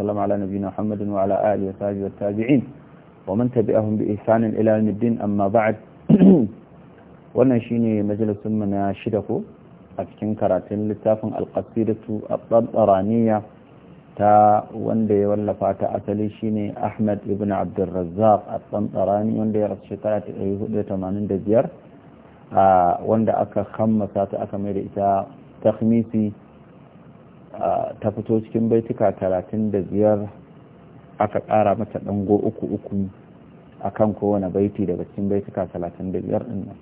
وسلم على نبينا محمد وعلى آله وصحبه والتابعين ومن تبعهم بإحسان إلى يوم الدين أما بعد wannan shine majalisun mu na shida ko a cikin karatun littafin alqasidatu at-tabaraniya ta wanda ya wallafa ta asali shine Ahmad ibn Abdul Razzaq at-Tantarani wanda ya rasu shekara ta 1485 a wanda aka kammasa ta aka mai da ita takhmisi ta fito cikin baituka talatin da biyar aka ƙara mata ɗango uku uku a kan kowane baiti daga cikin baituka talatin da biyar ɗin nan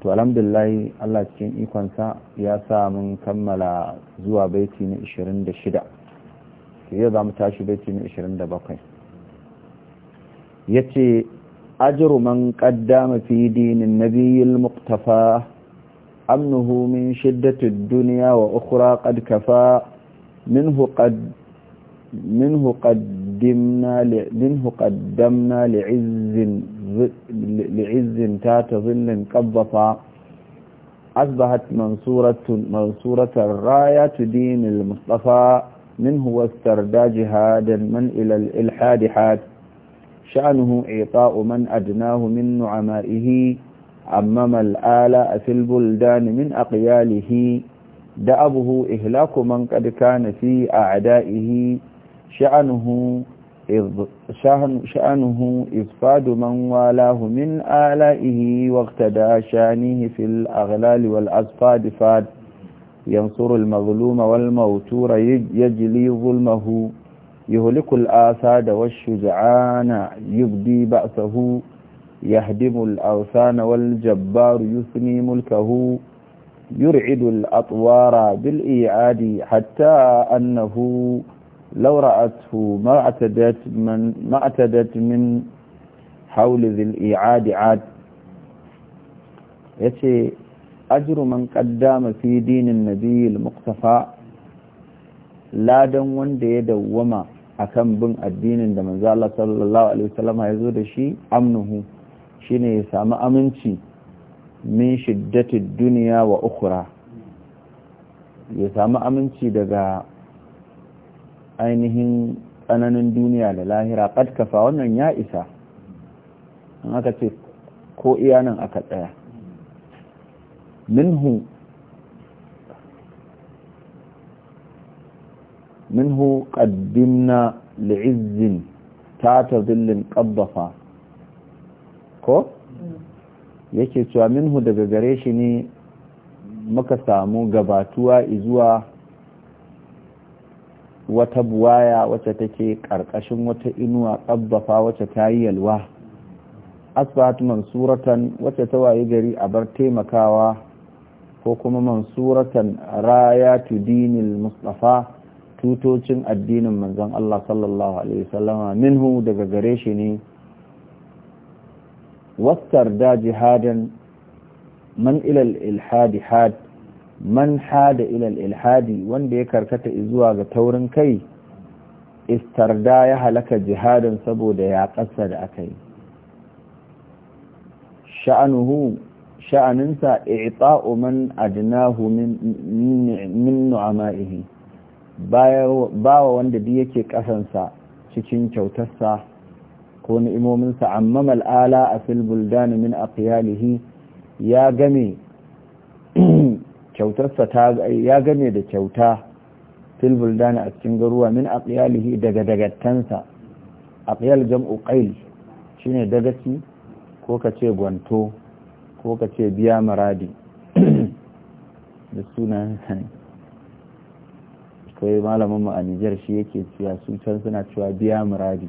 to alhamdulillah allah cikin ikonsa ya sa mun kammala zuwa baiti na ishirin da shida yau za mu tashi baiti na ishirin da bakwai ya ce ajiru man ƙaddama fi dinin nabiyil muktafa أمنه من شدة الدنيا وأخرى قد كفى منه قد منه قدمنا منه قدمنا لعز لعز تات ظل قبضا أصبحت منصورة منصورة الراية دين المصطفى منه واستردى جهادا من إلى الإلحاد حاد شأنه إعطاء من أدناه من نعمائه عمم الآلاء في البلدان من أقياله دأبه إهلاك من قد كان في أعدائه شأنه إذ شأنه إفاد من والاه من آلائه واقتدى شانه في الأغلال والأصفاد فاد ينصر المظلوم والموتور يجلي ظلمه يهلك الآساد والشجعان يبدي بأسه يهدم الأوثان والجبار يثني ملكه يرعد الأطوار بالإيعاد حتى أنه لو رأته ما اعتدت من, ما اعتدت من حول ذي الإيعاد عاد يتي أجر من قدام في دين النبي المقتفى لا دون دي وما أكم بن الدين عندما زال الله صلى الله عليه وسلم يزود شيء أمنه shine ya samu aminci min shiddatid duniya wa ukhra ya samu aminci daga ainihin tsananin duniya da lahira kafa wannan ya isa an aka ce ko iyanan aka tsaya minhu minhu qaddimna li'izzin ta ta zillin ƙabbafa ko yake cewa minhu daga gare shi ne muka samu gabatuwa izuwa wata buwaya wacce take ƙarƙashin wata inuwa ƙabbafa wacce ta yi yalwa asbat mansuratan wacce ta waye gari a bar taimakawa ko kuma mansuratan raya tu dinil mustafa tutocin addinin manzon Allah sallallahu alaihi wasallama minhu daga gare shi ne wasarda jihadan man ilal ilhadi had man hada ilal ilhadi wanda ya karkata zuwa ga taurin kai istarda ya halaka jihadin saboda ya ƙasa da aka yi sha'anuhu sha'aninsa iqa'u man adnahu min nu'ama'ihi bawa wanda bi yake ƙasansa cikin kyautarsa ko ni'imominsa amma mal'ala a fil buldani min aqyalihi ya game kyautarsa ta ya game da kyauta fil buldani a cikin garuwa min aqyalihi daga dagattansa aqyal jam'u qail shine dagaci ko kace gwanto ko kace biya maradi da sunan kai malamin mu a Nijar shi yake cewa su can suna cewa biya muradi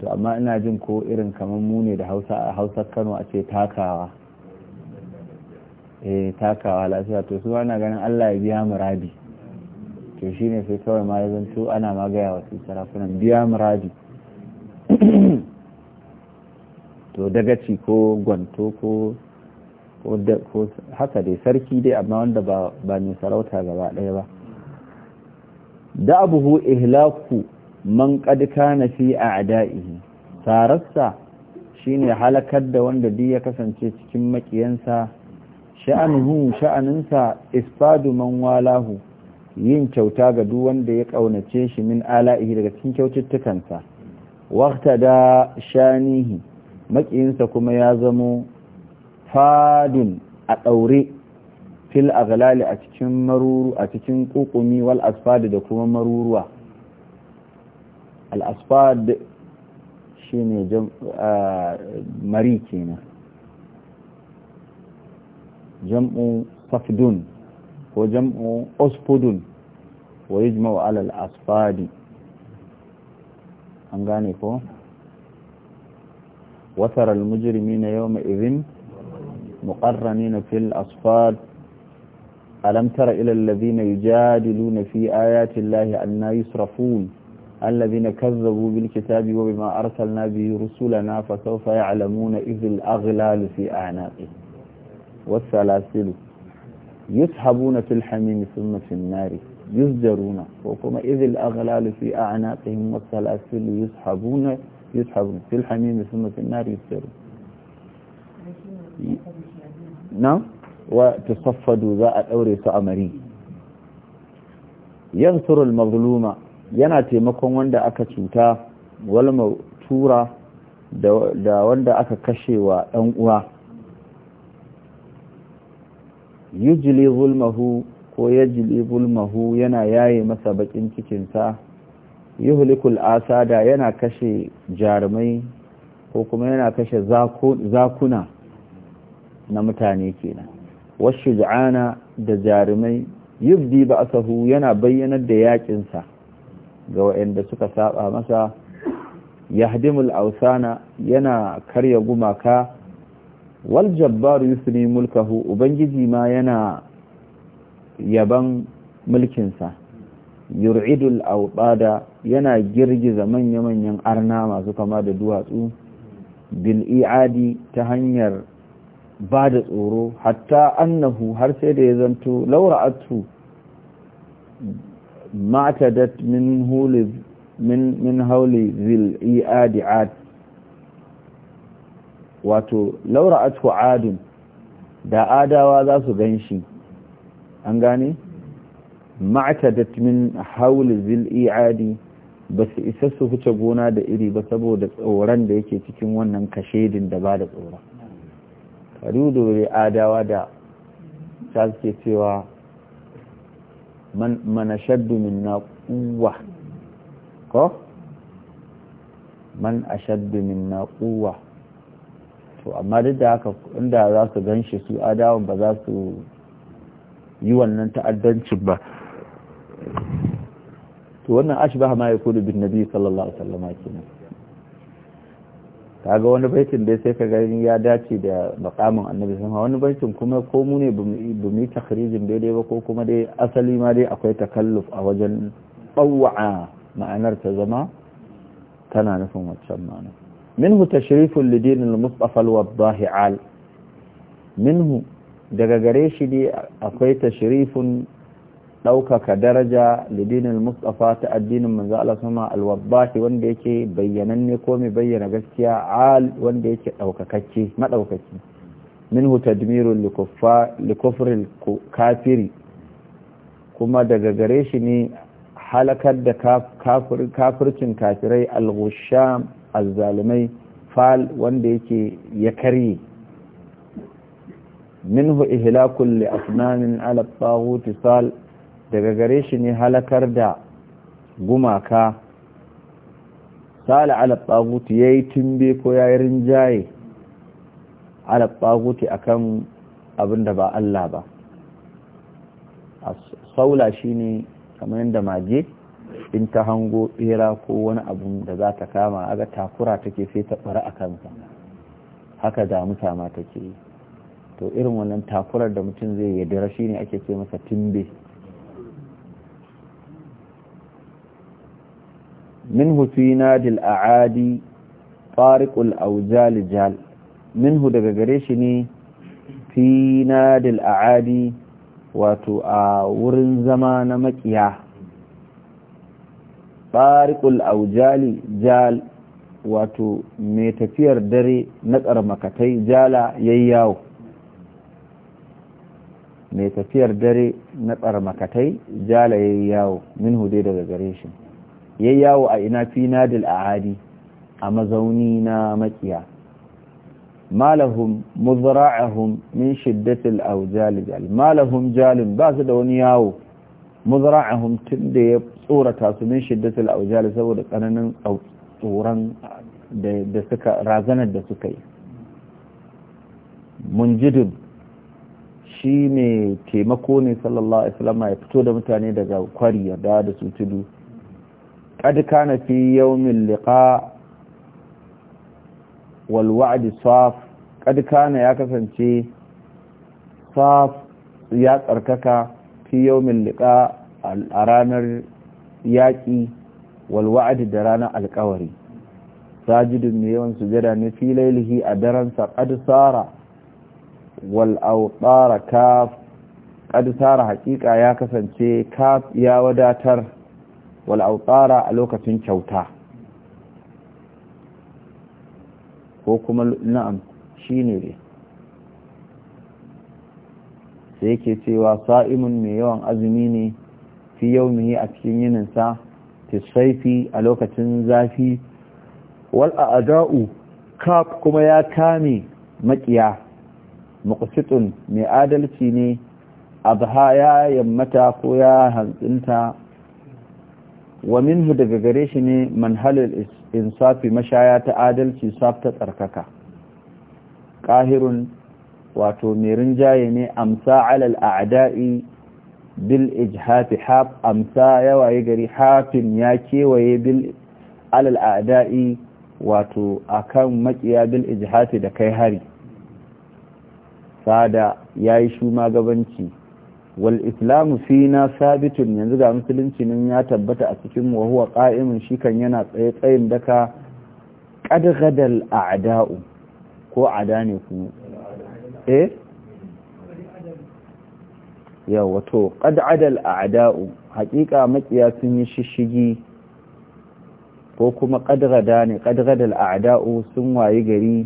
to amma ina jin ko irin kamar mu ne da hausa kano a ce takawa eh takawa lafiya to su ana ganin allah ya biya muradi to shi ne sai kawai ma ya to ana magaya wasu sarafunan biya muradi to dagaci ko gwanto ko haka dai sarki dai amma wanda ba ne sarauta gaba ɗaya ba da abuhu ihlaku man qad kana fi a'da'ihi tarassa shine halakar da wanda duk ya kasance cikin makiyansa sha'anuhu sha'aninsa isfadu man walahu yin kyauta ga duk wanda ya kaunace shi min ala'ihi daga cikin kyaututtukansa waqta da shanihi makiyinsa kuma ya zamo fadin a daure fil aghlali a cikin maruru a cikin kukumi wal asfadi da kuma maruruwa الأصفاد شيني جم... آه، مريكينا جمع صفدون وجمع أصفدون ويجمع على الأصفاد أنغاني فو وترى المجرمين يومئذ مقرنين في الأصفاد ألم تر إلى الذين يجادلون في آيات الله أن يصرفون الذين كذبوا بالكتاب وبما أرسلنا به رسلنا فسوف يعلمون إذ الأغلال في أعناقهم والسلاسل يسحبون في الحميم ثم في النار يزجرون وكما إذ الأغلال في أعناقهم والسلاسل يسحبون يسحبون في الحميم ثم في النار يزجرون نعم وتصفدوا ذا الأوريس أمري يغفر المظلومة yana taimakon wanda aka cuta walma tura da wanda aka kashe wa ɗan uwa yujili zulmahu ko yajili zulmahu yana yaye masa bakin cikinsa yuhlikul asada yana kashe jarumai ko kuma yana kashe zakuna na mutane kenan wasu da jarumai yubdi ba sahu yana bayyanar da yakinsa ga waɗanda suka saba masa yahdimul ausana yana karya gumaka wal jabbar yusni mulkahu ubangiji ma yana yaban mulkinsa yur'idul awbada yana girgiza manya-manyan arna masu kama da duwatsu bil i'adi ta hanyar bada tsoro hatta annahu har sai da ya zanto laura'atu ma'tadat min min hauli zil iadi ad wato laura atku adun da adawa za su gan shi an gane ma'tadat min hauli zil iadi ba su isa su huce gona da iri ba saboda tsoron da yake cikin wannan kashedin da bada da tsoron kariu da adawa da ta suke cewa man man ashaddu minna quwwa ko man ashaddu minna quwwa to amma duk da haka inda za su gan shi su adawan ba za su yi wannan ta'addancin ba to wannan ashbaha ma yakunu bin nabi sallallahu alaihi wasallam kenan kaga wani baitin dai sai ka gani ya dace da makamin annabi sun wani baitin kuma ko mu ne bu mu takhrijin daidai ba ko kuma dai asali ma dai akwai takalluf a wajen tsawa'a ma'anar ta zama tana nufin waccan ma'ana minhu tashrifun lidin al-mustafa al-wadahi al minhu daga gare shi dai akwai tashrifun ɗaukaka daraja lidinin mustafa ta addinin manzo Allah sama wanda yake bayyananne ko mai bayyana gaskiya al wanda yake ɗaukakacce maɗaukaki minhu tadmirun likufril kafiri kuma daga gare shi ne halakar da kafircin kafirai al alzalimai fal wanda yake ya karye minhu إهلاك li على الطاغوت صال daga gare shi ne halakar da gumaka sala alaɓaguti ya yi tumbe ko ya yi rinjaye alaɓaguti a kan abin da ba Allah ba a saula shi ne kamar yadda mage in ta hango ɓera ko wani abun da za ta kama aga takura take sai ta ɓara a kansa haka da ma take yi to irin wannan takurar da mutum zai yadda shi ne ake ce masa timbe منه في نادي الأعادي طارق الأوزال جال منه قريشني في نادي الأعادي واتو آورن زمان مكيا طارق الأوزال wato mai tafiyar dare na tsarmakatai jala yayyawo mai tafiyar dare na tsarmakatai jala yayyawo min hude daga gare shi ya yawo a ina fi nadil ahadi a mazauni na makiya malahum muzra'ahum min shiddatil awjal malahum jalun ba su da wani yawo muzra'ahum da ya tsorata su min shiddatil awjal saboda tsananin tsoron da suka razanar da suka yi munjidun shi ne taimako ne sallallahu alaihi wasallam ya fito da mutane daga kwari ya da su tudu قد كان في يوم اللقاء والوعد صاف قد كان يا كسنتي صاف يا تركك في يوم اللقاء الأرانر ياكي والوعد درانا القوري ساجد ميون سجدا في ليله أدرا قد صار والأوطار كاف قد صار حقيقة يا كسنتي كاف يا وداتر wal autara a lokacin kyauta ko kuma na'am shine ne sai ke cewa sa'imun mai yawan azumi ne fi yaumihi a cikin yininsa tisaifi a lokacin zafi wal a'da'u kaf kuma ya kame makiya muqsitun mai adalci ne abha ya yammata ko ya hantsinta wa minhu daga gare shi ne manhalar insafi mashaya ta adalci saf tsarkaka ƙahirun wato mai rinjaye ne amsa alal a'da'i bil ijhafi haf amsa yawaye gari hafin ya kewaye bil alal a'da'i wato akan makiya bil ijhafi da kai hari sada yayi shuma gabanci wal islamu fina sabitun yanzu ga musulunci nan ya tabbata a cikin wa huwa qa'imun shi kan yana tsaye tsayin daka qad ghadal a'da'u ko ada ne ku eh ya wato qad adal a'da'u haqiqa makiya sun yi shishigi ko kuma qad ne qad ghadal a'da'u sun wayi gari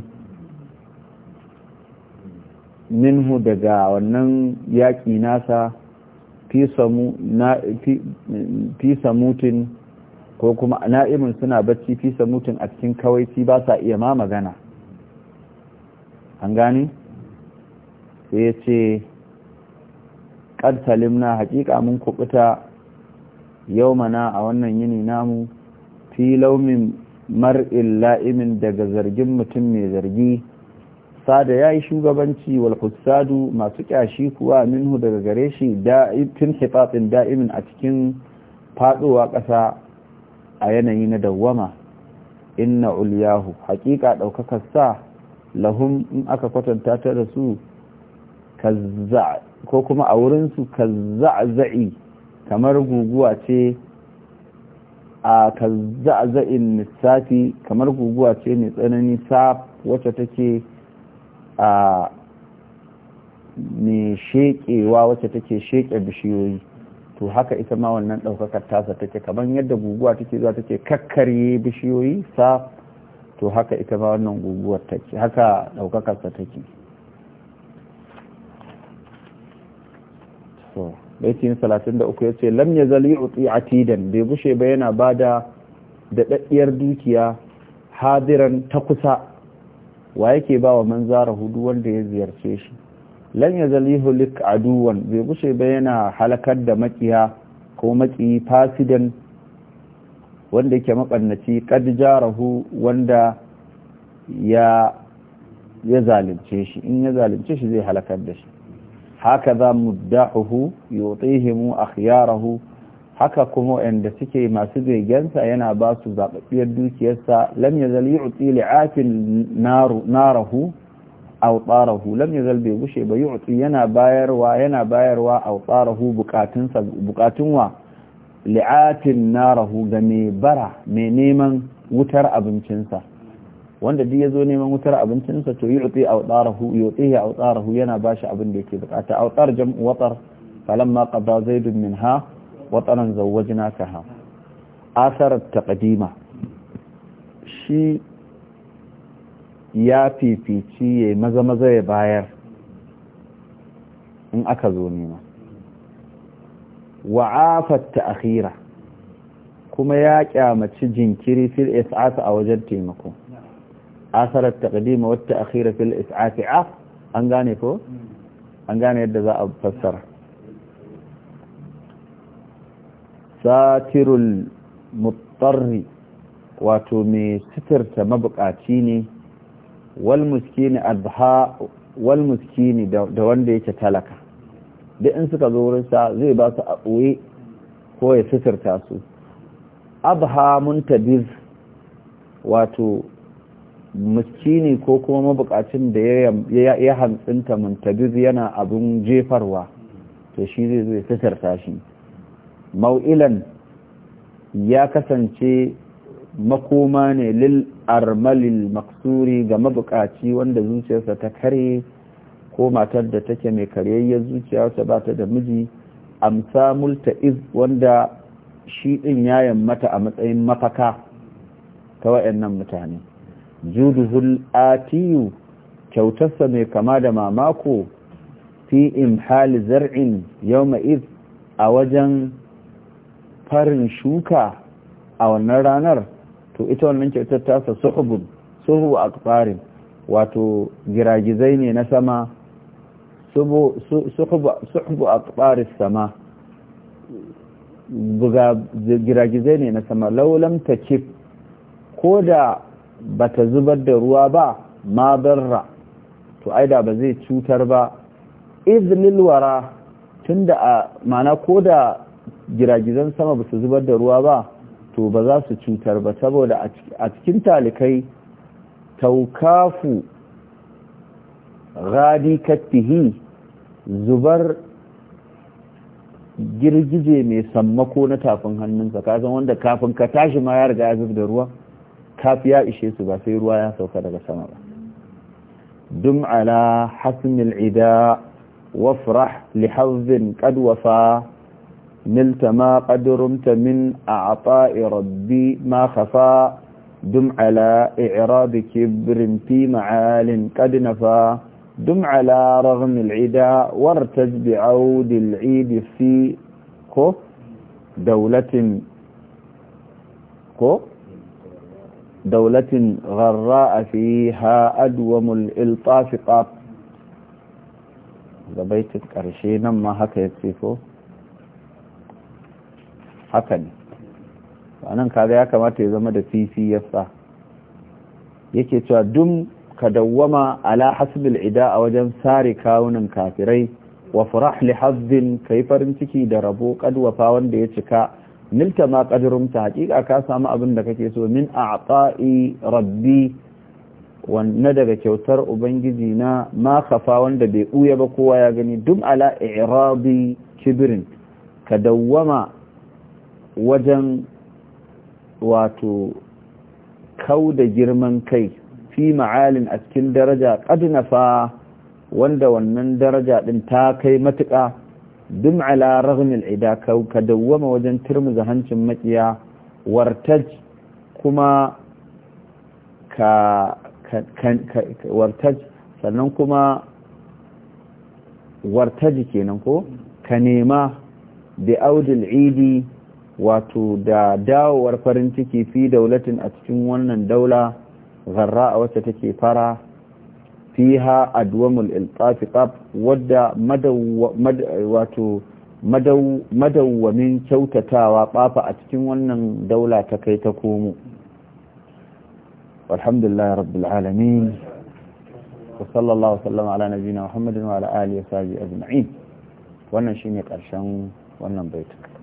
minhu daga wannan yaƙi nasa fi samutin ko kuma na'imin suna bacci fisa mutun a cikin kawaici ba sa iya ma magana an gani sai ya ce ƙad na haƙiƙa mun kuɓuta yau mana a wannan yini namu fi laumin mar'in la'imin daga zargin mutum mai zargi sada ya yi shugabanci wal masu kyashi kuwa minhu daga gare shi tun hifafin da'imin a cikin faɗowa ƙasa a yanayi na dawwama inna ulyahu haƙiƙa ɗaukakar sa lahum in aka kwatanta ta da su ko kuma a wurinsu kazza'za'i kamar guguwa ce a kazza'za'in lissafi kamar guguwa ce mai tsanani sa wacce take a mai shekewa wacce take sheke bishiyoyi to haka ita ma wannan ɗaukakar tasa take kamar yadda guguwa take zuwa take kakkarye bishiyoyi sa to haka ita ma wannan guguwar take haka ɗaukakarsa take so baitin 33 ce lam yazal yu'ti atidan bai bushe ba yana bada da daddiyar dukiya hadiran ta kusa wa yake ba wa manzara hudu wanda ya ziyarce shi lan ya zalihu lik aduwan bai gushe ba yana halakar da makiya ko maki fasidan wanda yake mabannaci kad jarahu wanda ya ya zalunce shi in ya zalunce shi zai halakar da shi haka za muddahu yutihimu akhyarahu haka kuma wanda suke masu begensa yana ba su zaɓaɓɓiyar dukiyarsa lam ya zal yu'ti li'afin narahu aw tsarahu lam ya zal bai gushe ba yu'ti yana bayarwa yana bayarwa aw tsarahu bukatunsa bukatun wa li'atin narahu ga mai bara mai neman wutar abincinsa wanda duk ya zo neman wutar abincinsa to yu'ti aw tsarahu yu'tihi aw tsarahu yana bashi abin da yake bukata aw tsar jam'u watar falamma qada zaidun minha watsanan zawajina ka ha asarar taƙadima shi ya fifici ya maza-maza ya bayar in aka zo nema ta ta'khira kuma ya kyamaci jinkiri fil is'ati a wajen taimako asarar taqdima wat ta'khira fil is'ati an gane ko an gane yadda za a fassara satirul mutarri wato mai sitirta mabukaci ne wal muskini adha wal da wanda yake talaka duk in suka zo wurin sa zai ba su a ɓoye ko ya sitirta su abha muntadir wato miskini ko kuma mabukacin da ya hantsinta muntabir yana abin jefarwa to shi zai zai sitirta shi mau'ilan ya kasance makoma ne lil armalil maksuri ga mabukaci wanda zuciyarsa ta kare ko matar da take mai karyayyar zuciyarsa ba ta da miji amsa multa iz wanda shi din ya yammata a matsayin mafaka ta wayannan mutane juduhul atiyu kyautarsa mai kama da mamako fi imhali zar'in yawma iz a wajen farin shuka a wannan ranar to ita wannan kyautar tasa suhubun suhu a farin wato giragizai ne na sama suhubu a farin sama giragizai ne na sama laulam ta kif ko da ba ta zubar da ruwa ba ma barra to aida ba zai cutar ba izlil wara tunda a mana ko da giragizan sama ba su zubar da ruwa ba to ba za su cutar ba saboda a cikin talikai taukafu gadi kattihi zubar girgije mai sammako na tafin hannunsa kasan wanda kafin ka tashi ma ya riga ya zub da ruwa kafi ya ishe su ba sai ruwa ya sauka daga sama ba dum ala hasmil ida wafrah li hazzin qad نلت ما قد رمت من أعطاء ربي ما خفى دم على إعراض كبر في معال قد نفى دم على رغم العدا وارتج بعود العيد في كو دولة كو دولة غراء فيها أدوم الإلطاف قط بيتك أرشينا ما هكا يكفيكو haka ne nan kaga ya kamata ya zama da fifi yasa yake cewa dun ka dawwama ala hasbil ida a wajen sare kawunan kafirai wa farah li hazzin kai farin ciki da rabo kadwafa wanda ya cika milta ma qadrumta hakika ka samu abin da kake so min a'ta'i rabbi wanne daga kyautar ubangiji na ma kafa wanda bai ɓuya ba kowa ya gani dum ala i'rabi kibrin ka dawwama wajen wato kau da girman kai fi ma'alin a cikin daraja ƙadnafa wanda wannan daraja ɗin ta kai matuƙa dum ala raghmil ida ka dawwama wajen turmuza hancin maƙiya wartaj kuma ka wartaj sannan kuma wartaji kenan ko ka nema bi audul idi wato da dawowar farin ciki fi daulatin a cikin wannan daula zarra a wacce take fara fiha adwamul iltafiqab wadda madawwamin kyautatawa bafa a cikin wannan daula ta kai ta komo alhamdulillah rabbil alamin wa sallallahu sallama ala nabiyina muhammadin wa ala alihi wa sahbihi ajma'in wannan shine karshen wannan baitin